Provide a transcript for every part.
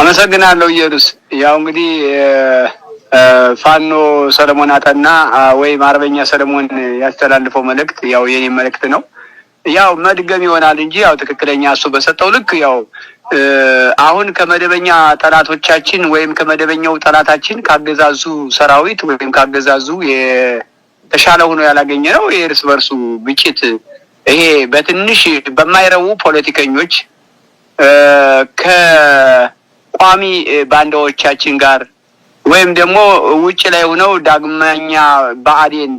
አመሰግናለሁ ኢየሩስ። ያው እንግዲህ ፋኖ ሰለሞን አጠና ወይም አርበኛ ሰለሞን ያስተላልፈው መልእክት ያው የኔ መልእክት ነው። ያው መድገም ይሆናል እንጂ ያው ትክክለኛ እሱ በሰጠው ልክ ያው አሁን ከመደበኛ ጠላቶቻችን ወይም ከመደበኛው ጠላታችን ካገዛዙ ሰራዊት ወይም ካገዛዙ የተሻለ ሆኖ ያላገኘ ነው የእርስ በርሱ ግጭት ይሄ በትንሽ በማይረቡ ፖለቲከኞች ከ ቋሚ ባንዳዎቻችን ጋር ወይም ደግሞ ውጭ ላይ ሆነው ዳግመኛ ብአዴን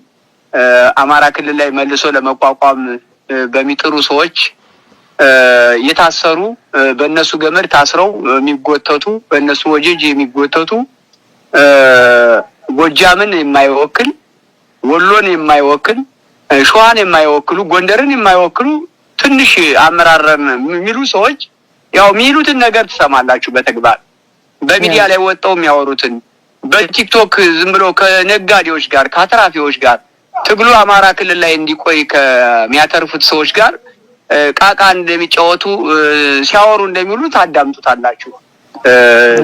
አማራ ክልል ላይ መልሶ ለመቋቋም በሚጥሩ ሰዎች የታሰሩ በእነሱ ገመድ ታስረው የሚጎተቱ በእነሱ ወጀጅ የሚጎተቱ ጎጃምን የማይወክል ወሎን የማይወክል ሸዋን የማይወክሉ ጎንደርን የማይወክሉ ትንሽ አመራረን የሚሉ ሰዎች ያው የሚሉትን ነገር ትሰማላችሁ። በተግባር በሚዲያ ላይ ወጣው የሚያወሩትን በቲክቶክ ዝም ብሎ ከነጋዴዎች ጋር ከአትራፊዎች ጋር ትግሉ አማራ ክልል ላይ እንዲቆይ ከሚያተርፉት ሰዎች ጋር ቃቃ እንደሚጫወቱ ሲያወሩ እንደሚውሉ ታዳምጡታላችሁ።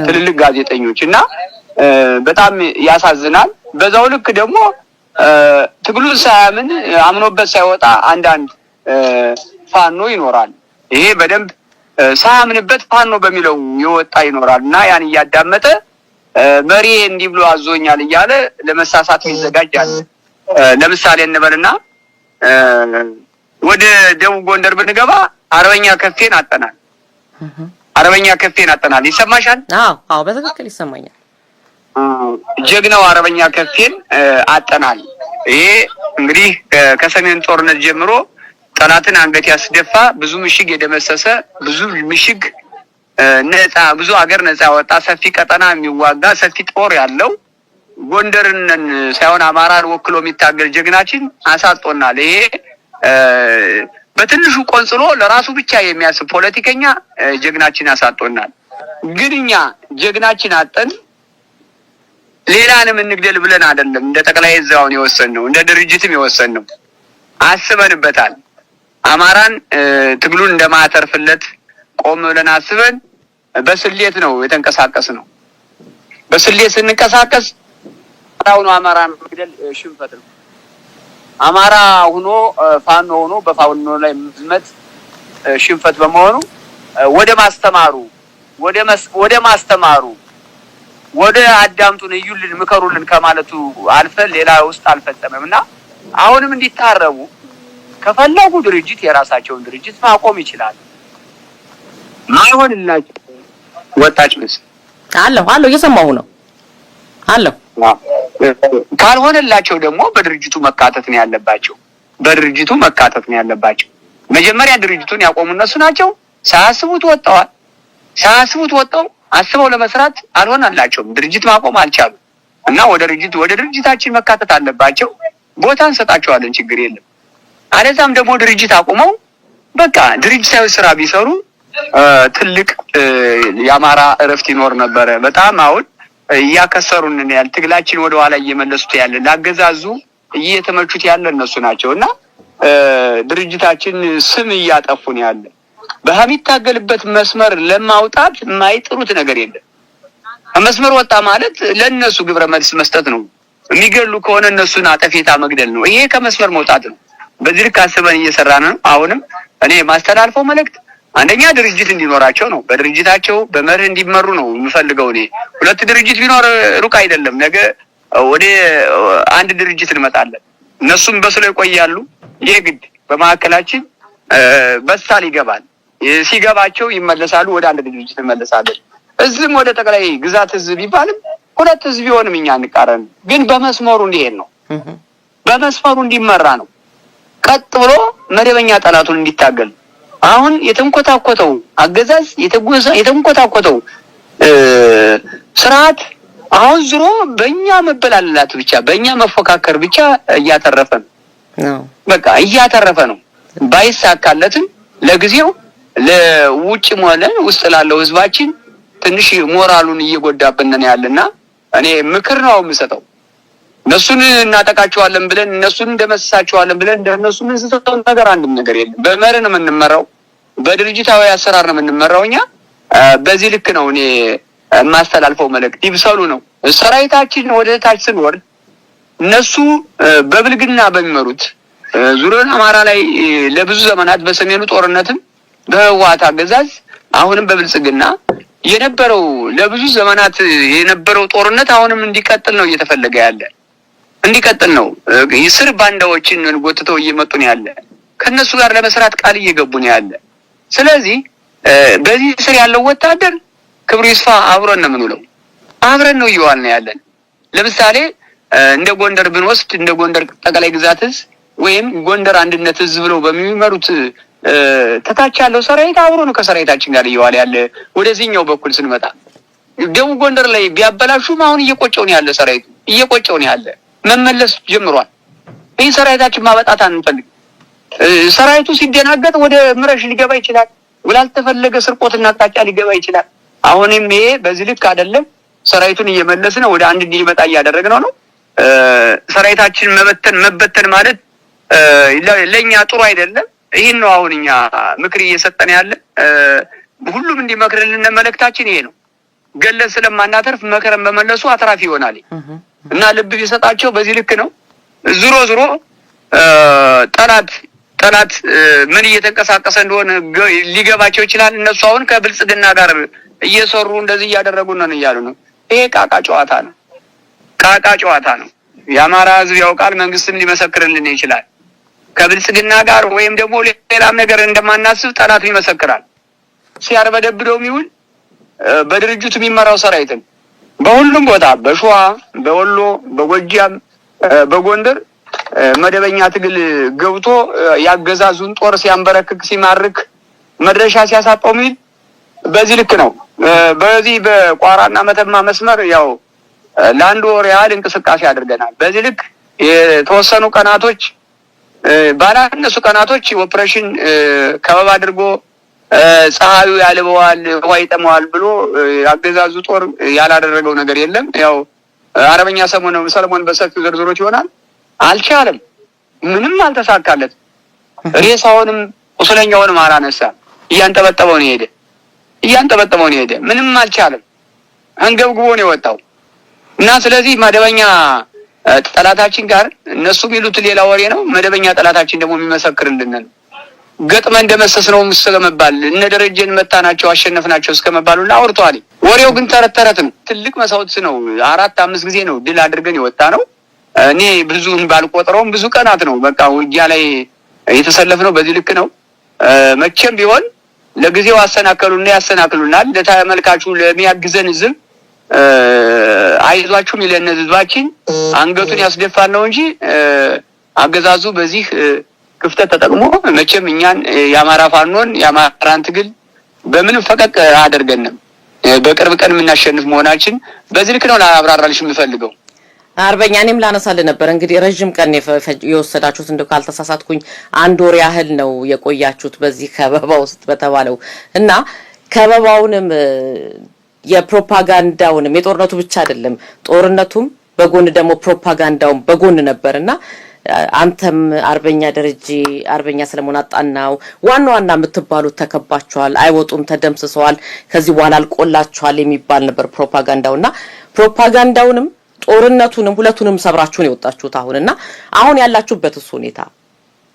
ትልልቅ ጋዜጠኞች እና በጣም ያሳዝናል። በዛው ልክ ደግሞ ትግሉን ሳያምን አምኖበት ሳይወጣ አንዳንድ ፋኖ ይኖራል። ይሄ በደንብ ሳያምንበት ፋኖ በሚለው የወጣ ይኖራል እና ያን እያዳመጠ መሪ እንዲህ ብሎ አዞኛል እያለ ለመሳሳት ይዘጋጃል። ለምሳሌ እንበልና ወደ ደቡብ ጎንደር ብንገባ አርበኛ ከፍቴን አጠናል። አርበኛ ከፍቴን አጠናል። ይሰማሻል? አዎ፣ በትክክል ይሰማኛል። ጀግናው አርበኛ ከፍቴን አጠናል። ይሄ እንግዲህ ከሰሜን ጦርነት ጀምሮ ጠላትን አንገት ያስደፋ ብዙ ምሽግ የደመሰሰ ብዙ ምሽግ ነጻ ብዙ አገር ነፃ ያወጣ ሰፊ ቀጠና የሚዋጋ ሰፊ ጦር ያለው ጎንደርን ሳይሆን አማራን ወክሎ የሚታገል ጀግናችን አሳጦናል። ይሄ በትንሹ ቆንጽሎ ለራሱ ብቻ የሚያስብ ፖለቲከኛ ጀግናችን አሳጦናል። ግን እኛ ጀግናችን አጠን ሌላንም እንግደል ብለን አይደለም እንደ ጠቅላይ ዕዛውን የወሰን ነው እንደ ድርጅትም የወሰን ነው አስበንበታል። አማራን ትግሉን እንደማተርፍለት ቆም ብለን አስበን በስሌት ነው የተንቀሳቀስ ነው። በስሌት ስንንቀሳቀስ ሁኖ አማራን መግደል ሽንፈት ነው። አማራ ሁኖ ፋኖ ሆኖ በፋኖ ላይ መዝመት ሽንፈት በመሆኑ ወደ ማስተማሩ ወደ ማስተማሩ ወደ አዳምጡን፣ እዩልን፣ ምከሩልን ከማለቱ አልፈን ሌላ ውስጥ አልፈጸመም እና አሁንም እንዲታረቡ ከፈለጉ ድርጅት የራሳቸውን ድርጅት ማቆም ይችላል። ማይሆንላቸው ወጣች ምስል አለሁ አለሁ እየሰማሁ ነው አለሁ። ካልሆነላቸው ደግሞ በድርጅቱ መካተት ነው ያለባቸው። በድርጅቱ መካተት ነው ያለባቸው። መጀመሪያ ድርጅቱን ያቆሙ እነሱ ናቸው። ሳያስቡት ወጥተዋል። ሳያስቡት ወጥተው አስበው ለመስራት አልሆነላቸውም። ድርጅት ማቆም አልቻሉም እና ወደ ድርጅት ወደ ድርጅታችን መካተት አለባቸው። ቦታ እንሰጣቸዋለን። ችግር የለም። አለዛም ደግሞ ድርጅት አቁመው በቃ ድርጅታዊ ስራ ቢሰሩ ትልቅ የአማራ እረፍት ይኖር ነበረ። በጣም አሁን እያከሰሩን ያል ትግላችን ወደኋላ እየመለሱት ያለ ላገዛዙ እየተመቹት ያለ እነሱ ናቸው እና ድርጅታችን ስም እያጠፉን ያለ በሚታገልበት መስመር ለማውጣት የማይጥሩት ነገር የለም። ከመስመር ወጣ ማለት ለእነሱ ግብረ መልስ መስጠት ነው። የሚገሉ ከሆነ እነሱን አጠፌታ መግደል ነው። ይሄ ከመስመር መውጣት ነው። በዚህ ልክ አስበን ነው። አሁንም እኔ የማስተላልፈው መልእክት አንደኛ ድርጅት እንዲኖራቸው ነው። በድርጅታቸው በመርህ እንዲመሩ ነው የምፈልገው እኔ። ሁለት ድርጅት ቢኖር ሩቅ አይደለም። ነገ ወደ አንድ ድርጅት እንመጣለን። እነሱም በስሎ ይቆያሉ። ይሄ ግድ በመካከላችን በሳል ይገባል። ሲገባቸው ይመለሳሉ። ወደ አንድ ድርጅት እንመለሳለን። እዚህም ወደ ጠቅላይ ግዛት ህዝብ ቢባልም ሁለት ህዝብ ቢሆንም እኛ እንቃረን፣ ግን በመስመሩ እንዲሄድ ነው በመስመሩ እንዲመራ ነው። ቀጥ ብሎ መደበኛ ጠላቱን እንዲታገል አሁን የተንኮታኮተው አገዛዝ የተንኮታኮተው ስርዓት አሁን ዝሮ በእኛ መበላላት ብቻ በእኛ መፎካከር ብቻ እያተረፈ ነው። በቃ እያተረፈ ነው። ባይሳካለትም ለጊዜው ለውጭ ሆነ ውስጥ ላለው ህዝባችን ትንሽ ሞራሉን እየጎዳብን ያለና እኔ ምክር ነው የምሰጠው። እነሱን እናጠቃቸዋለን ብለን እነሱን እንደመስሳቸዋለን ብለን እንደነሱ ምንስተውን ነገር አንድም ነገር የለም። በመርህ ነው የምንመራው፣ በድርጅታዊ አሰራር ነው የምንመራው። እኛ በዚህ ልክ ነው እኔ የማስተላልፈው መልእክት። ይብሰሉ ነው ሰራዊታችን ወደ ታች ስንወርድ እነሱ በብልግና በሚመሩት ዙሪያውን አማራ ላይ ለብዙ ዘመናት በሰሜኑ ጦርነትም በህወሓት አገዛዝ አሁንም በብልጽግና የነበረው ለብዙ ዘመናት የነበረው ጦርነት አሁንም እንዲቀጥል ነው እየተፈለገ ያለ እንዲቀጥል ነው። ስር ባንዳዎችን ጎትተው እየመጡ ነው ያለ። ከእነሱ ጋር ለመስራት ቃል እየገቡ ነው ያለ። ስለዚህ በዚህ ስር ያለው ወታደር ክብሩ ይስፋ አብረን ነው የምንውለው፣ አብረን ነው እየዋል ነው ያለን። ለምሳሌ እንደ ጎንደር ብንወስድ እንደ ጎንደር ጠቅላይ ግዛት እዝ ወይም ጎንደር አንድነት እዝ ብለው በሚመሩት ተታች ያለው ሰራዊት አብሮ ነው ከሰራዊታችን ጋር እየዋለ ያለ። ወደዚህኛው በኩል ስንመጣ ደቡብ ጎንደር ላይ ቢያበላሹም አሁን እየቆጨው ነው ያለ፣ ሰራዊቱ እየቆጨው ነው ያለ። መመለስ ጀምሯል። ይህ ሰራዊታችን ማበጣት አንፈልግ። ሰራዊቱ ሲደናገጥ ወደ ምረሽ ሊገባ ይችላል። ወላልተፈለገ ስርቆትና አቅጣጫ ሊገባ ይችላል። አሁንም ይሄ በዚህ ልክ አይደለም። ሰራዊቱን እየመለስን ወደ አንድ እንዲመጣ እያደረግነው ነው። ሰራዊታችን መበተን መበተን ማለት ለእኛ ጥሩ አይደለም። ይህን ነው አሁን እኛ ምክር እየሰጠን ያለ። ሁሉም እንዲመክርልን መልእክታችን ይሄ ነው። ገለን ስለማናተርፍ መከረን በመለሱ አትራፊ ይሆናል። እና ልብ ቢሰጣቸው በዚህ ልክ ነው። ዙሮ ዙሮ ጠላት ጠላት ምን እየተንቀሳቀሰ እንደሆነ ሊገባቸው ይችላል። እነሱ አሁን ከብልጽግና ጋር እየሰሩ እንደዚህ እያደረጉ ነን እያሉ ነው። ይሄ ቃቃ ጨዋታ ነው። ቃቃ ጨዋታ ነው። የአማራ ህዝብ ያውቃል። መንግስትም ሊመሰክርልን ይችላል። ከብልጽግና ጋር ወይም ደግሞ ሌላም ነገር እንደማናስብ ጠላት ይመሰክራል። ሲያርበደብደውም ይሁን በድርጅቱ የሚመራው ሰራዊትም በሁሉም ቦታ በሸዋ፣ በወሎ፣ በጎጃም፣ በጎንደር መደበኛ ትግል ገብቶ ያገዛዙን ጦር ሲያንበረክክ ሲማርክ መድረሻ ሲያሳጣው ሚል በዚህ ልክ ነው። በዚህ በቋራና መተማ መስመር ያው ለአንድ ወር ያህል እንቅስቃሴ አድርገናል። በዚህ ልክ የተወሰኑ ቀናቶች ባላነሱ ቀናቶች ኦፕሬሽን ከበብ አድርጎ ፀሐዩ ያልበዋል ውሃ ይጠመዋል ብሎ አገዛዙ ጦር ያላደረገው ነገር የለም። ያው አርበኛ ሰሞን ሰለሞን በሰፊው ዝርዝሮች ይሆናል። አልቻለም። ምንም አልተሳካለት። ሬሳውንም ቁስለኛውንም አላነሳ። እያንጠበጠበው ነው ሄደ። እያንጠበጠበው ነው ሄደ። ምንም አልቻለም። አንገብግቦ ነው የወጣው እና ስለዚህ መደበኛ ጠላታችን ጋር እነሱ የሚሉት ሌላ ወሬ ነው። መደበኛ ጠላታችን ደግሞ የሚመሰክርልን ነው። ገጥመ እንደመሰስ ነው እስከመባል እነ ደረጀን መታናቸው አሸነፍናቸው እስከመባሉ እና አውርተዋል። ወሬው ግን ተረተረት ነው። ትልቅ መሳውት ነው። አራት አምስት ጊዜ ነው ድል አድርገን የወጣ ነው። እኔ ብዙን ባልቆጥረውም ብዙ ቀናት ነው በቃ ውጊያ ላይ የተሰለፍ ነው። በዚህ ልክ ነው። መቼም ቢሆን ለጊዜው አሰናከሉና ያሰናክሉናል። ለተመልካቹ ለሚያግዘን ህዝብ አይዟችሁም ይለን ህዝባችን አንገቱን ያስደፋል ነው እንጂ አገዛዙ በዚህ ክፍተት ተጠቅሞ መቼም እኛን የአማራ ፋኖን የአማራን ትግል በምንም ፈቀቅ አደርገንም በቅርብ ቀን የምናሸንፍ መሆናችን በዚህ ልክ ነው ላብራራልሽ የምፈልገው። አርበኛ እኔም ላነሳል ነበር እንግዲህ ረዥም ቀን የወሰዳችሁት እንደ ካልተሳሳትኩኝ አንድ ወር ያህል ነው የቆያችሁት በዚህ ከበባ ውስጥ በተባለው እና ከበባውንም የፕሮፓጋንዳውንም የጦርነቱ ብቻ አይደለም ጦርነቱም በጎን ደግሞ ፕሮፓጋንዳውም በጎን ነበር እና አንተም አርበኛ ደረጀ አርበኛ ሰለሞን አጣናው ዋና ዋና የምትባሉት ተከባችኋል፣ አይወጡም፣ ተደምስሰዋል፣ ከዚህ በኋላ አልቆላችኋል የሚባል ነበር ፕሮፓጋንዳውና ፕሮፓጋንዳውንም ጦርነቱንም ሁለቱንም ሰብራችሁን የወጣችሁት አሁንና አሁን ያላችሁበት እሱ ሁኔታ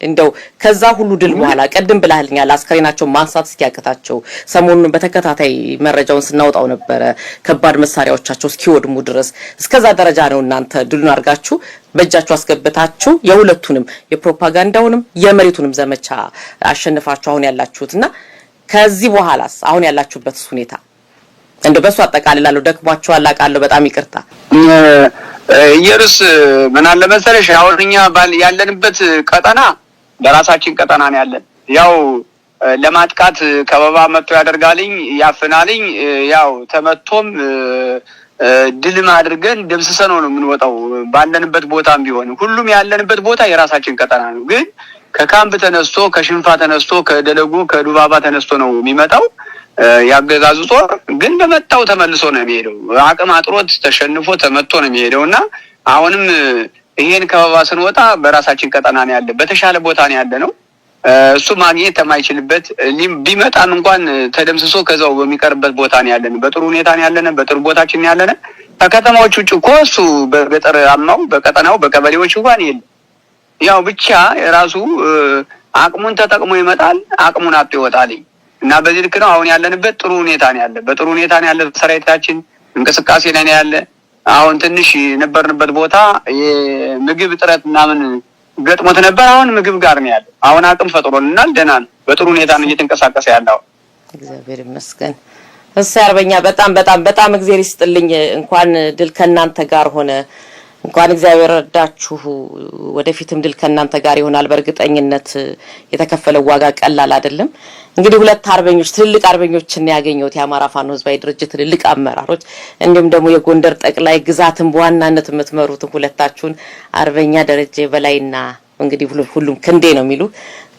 እንደው ከዛ ሁሉ ድል በኋላ ቀድም ብላልኛል፣ አስከሬናቸው ማንሳት እስኪያቅታቸው ሰሞኑን በተከታታይ መረጃውን ስናወጣው ነበረ፣ ከባድ መሳሪያዎቻቸው እስኪወድሙ ድረስ እስከዛ ደረጃ ነው። እናንተ ድሉን አድርጋችሁ በእጃችሁ አስገብታችሁ የሁለቱንም የፕሮፓጋንዳውንም የመሬቱንም ዘመቻ አሸንፋችሁ አሁን ያላችሁትና ከዚህ በኋላስ አሁን ያላችሁበት ሁኔታ እንደው በሱ አጠቃልላለሁ። ደክሟችኋል አላቃለሁ። በጣም ይቅርታ። ኢየሩስ ምን አለ መሰለሽ አሁን እኛ ያለንበት ቀጠና ለራሳችን ቀጠና ነው ያለን። ያው ለማጥቃት ከበባ መጥቶ ያደርጋልኝ ያፍናልኝ። ያው ተመቶም ድልም አድርገን ደምስሰነው ነው የምንወጣው። ባለንበት ቦታም ቢሆን ሁሉም ያለንበት ቦታ የራሳችን ቀጠና ነው። ግን ከካምፕ ተነስቶ ከሽንፋ ተነስቶ ከደለጉ ከዱባባ ተነስቶ ነው የሚመጣው ያገዛዙ ጦር። ግን በመጣው ተመልሶ ነው የሚሄደው። አቅም አጥሮት ተሸንፎ ተመቶ ነው የሚሄደው እና አሁንም ይሄን ከበባ ስንወጣ በራሳችን ቀጠና ነው ያለ፣ በተሻለ ቦታ ነው ያለ ነው እሱ ማግኘት የማይችልበት ቢመጣም እንኳን ተደምስሶ ከዛው በሚቀርበት ቦታ ነው ያለን። በጥሩ ሁኔታ ነው ያለን። በጥሩ ቦታችን ነው ያለን። ከከተማዎች ውጭ እኮ እሱ በገጠር አማው በቀጠናው በቀበሌዎች እንኳን የለም። ያው ብቻ የራሱ አቅሙን ተጠቅሞ ይመጣል፣ አቅሙን አጥቶ ይወጣል። እና በዚህ ልክ ነው አሁን ያለንበት ጥሩ ሁኔታ ነው ያለ። በጥሩ ሁኔታ ነው ያለ። ሰራዊታችን እንቅስቃሴ ላይ ነው ያለ። አሁን ትንሽ የነበርንበት ቦታ የምግብ እጥረት ምናምን ገጥሞት ነበር። አሁን ምግብ ጋር ነው ያለው። አሁን አቅም ፈጥሮልናል። ደህና ነው። በጥሩ ሁኔታ ነው እየተንቀሳቀሰ ያለው። እግዚአብሔር ይመስገን። እስ አርበኛ በጣም በጣም በጣም እግዚአብሔር ይስጥልኝ። እንኳን ድል ከእናንተ ጋር ሆነ። እንኳን እግዚአብሔር ረዳችሁ። ወደፊትም ድል ከእናንተ ጋር ይሆናል። በእርግጠኝነት የተከፈለው ዋጋ ቀላል አይደለም። እንግዲህ ሁለት አርበኞች ትልልቅ አርበኞችን ያገኘሁት የአማራ ፋኖ ህዝባዊ ድርጅት ትልልቅ አመራሮች፣ እንዲሁም ደግሞ የጎንደር ጠቅላይ ግዛትን በዋናነት የምትመሩትን ሁለታችሁን አርበኛ ደረጀ በላይና እንግዲህ ሁሉም ክንዴ ነው የሚሉ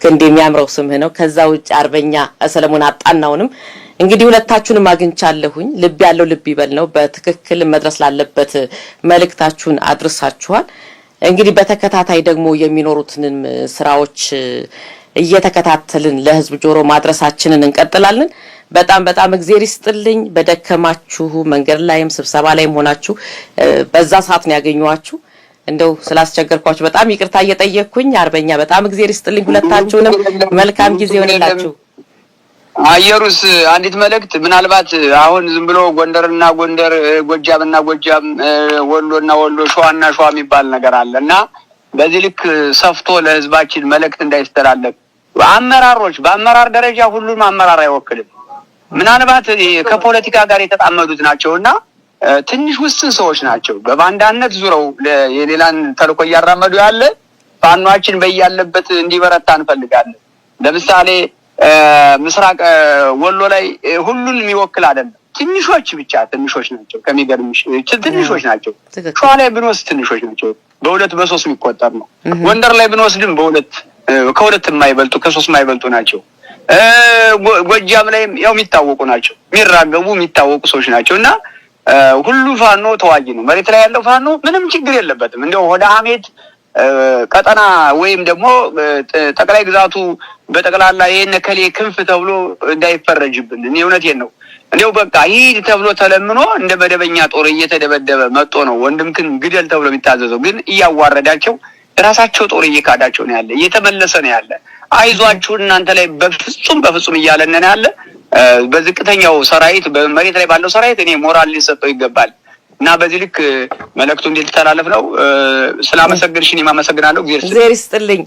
ክንዴ የሚያምረው ስምህ ነው። ከዛ ውጭ አርበኛ ሰለሞን አጣናውንም እንግዲህ ሁለታችሁንም አግኝቻለሁኝ። ልብ ያለው ልብ ይበል ነው። በትክክል መድረስ ላለበት መልእክታችሁን አድርሳችኋል። እንግዲህ በተከታታይ ደግሞ የሚኖሩትንም ስራዎች እየተከታተልን ለህዝብ ጆሮ ማድረሳችንን እንቀጥላለን። በጣም በጣም እግዜር ይስጥልኝ። በደከማችሁ መንገድ ላይም ስብሰባ ላይም ሆናችሁ በዛ ሰዓት ነው ያገኘኋችሁ። እንደው ስላስቸገርኳችሁ በጣም ይቅርታ እየጠየቅኩኝ አርበኛ፣ በጣም እግዜር ይስጥልኝ። ሁለታችሁንም መልካም ጊዜ ይሆንላችሁ። አየሩስ አንዲት መልእክት ምናልባት አሁን ዝም ብሎ ጎንደርና ጎንደር፣ ጎጃምና ጎጃም፣ ወሎና ወሎ፣ ሸዋና ሸዋ የሚባል ነገር አለ እና በዚህ ልክ ሰፍቶ ለህዝባችን መልእክት እንዳይስተላለፍ አመራሮች በአመራር ደረጃ ሁሉም አመራር አይወክልም። ምናልባት ከፖለቲካ ጋር የተጣመዱት ናቸው እና ትንሽ ውስን ሰዎች ናቸው። በባንዳነት ዙረው የሌላን ተልኮ እያራመዱ ያለ ፋኗችን በያለበት እንዲበረታ እንፈልጋለን። ለምሳሌ ምስራቅ ወሎ ላይ ሁሉን የሚወክል አይደለም። ትንሾች ብቻ ትንሾች ናቸው። ከሚገርምሽ ትንሾች ናቸው። ሸዋ ላይ ብንወስድ ትንሾች ናቸው። በሁለት በሶስት የሚቆጠር ነው። ጎንደር ላይ ብንወስድም በሁለት ከሁለት የማይበልጡ ከሶስት የማይበልጡ ናቸው። ጎጃም ላይም ያው የሚታወቁ ናቸው። የሚራገቡ የሚታወቁ ሰዎች ናቸው እና ሁሉ ፋኖ ተዋጊ ነው። መሬት ላይ ያለው ፋኖ ምንም ችግር የለበትም። እንደው ወደ አሜት ቀጠና ወይም ደግሞ ጠቅላይ ግዛቱ በጠቅላላ ይህን ከሌ ክንፍ ተብሎ እንዳይፈረጅብን። እኔ እውነቴን ነው። እንዲያው በቃ ይህ ተብሎ ተለምኖ እንደ መደበኛ ጦር እየተደበደበ መጦ ነው ወንድምክን ግደል ተብሎ የሚታዘዘው። ግን እያዋረዳቸው ራሳቸው ጦር እየካዳቸው ነው ያለ፣ እየተመለሰ ነው ያለ። አይዟችሁ እናንተ ላይ በፍጹም በፍጹም እያለን ያለ። በዝቅተኛው ሰራዊት፣ በመሬት ላይ ባለው ሰራዊት እኔ ሞራል ሊሰጠው ይገባል። እና በዚህ ልክ መልእክቱ እንዲተላለፍ ነው። ስላመሰግንሽን የማመሰግናለሁ። እግዜር ይስጥልኝ።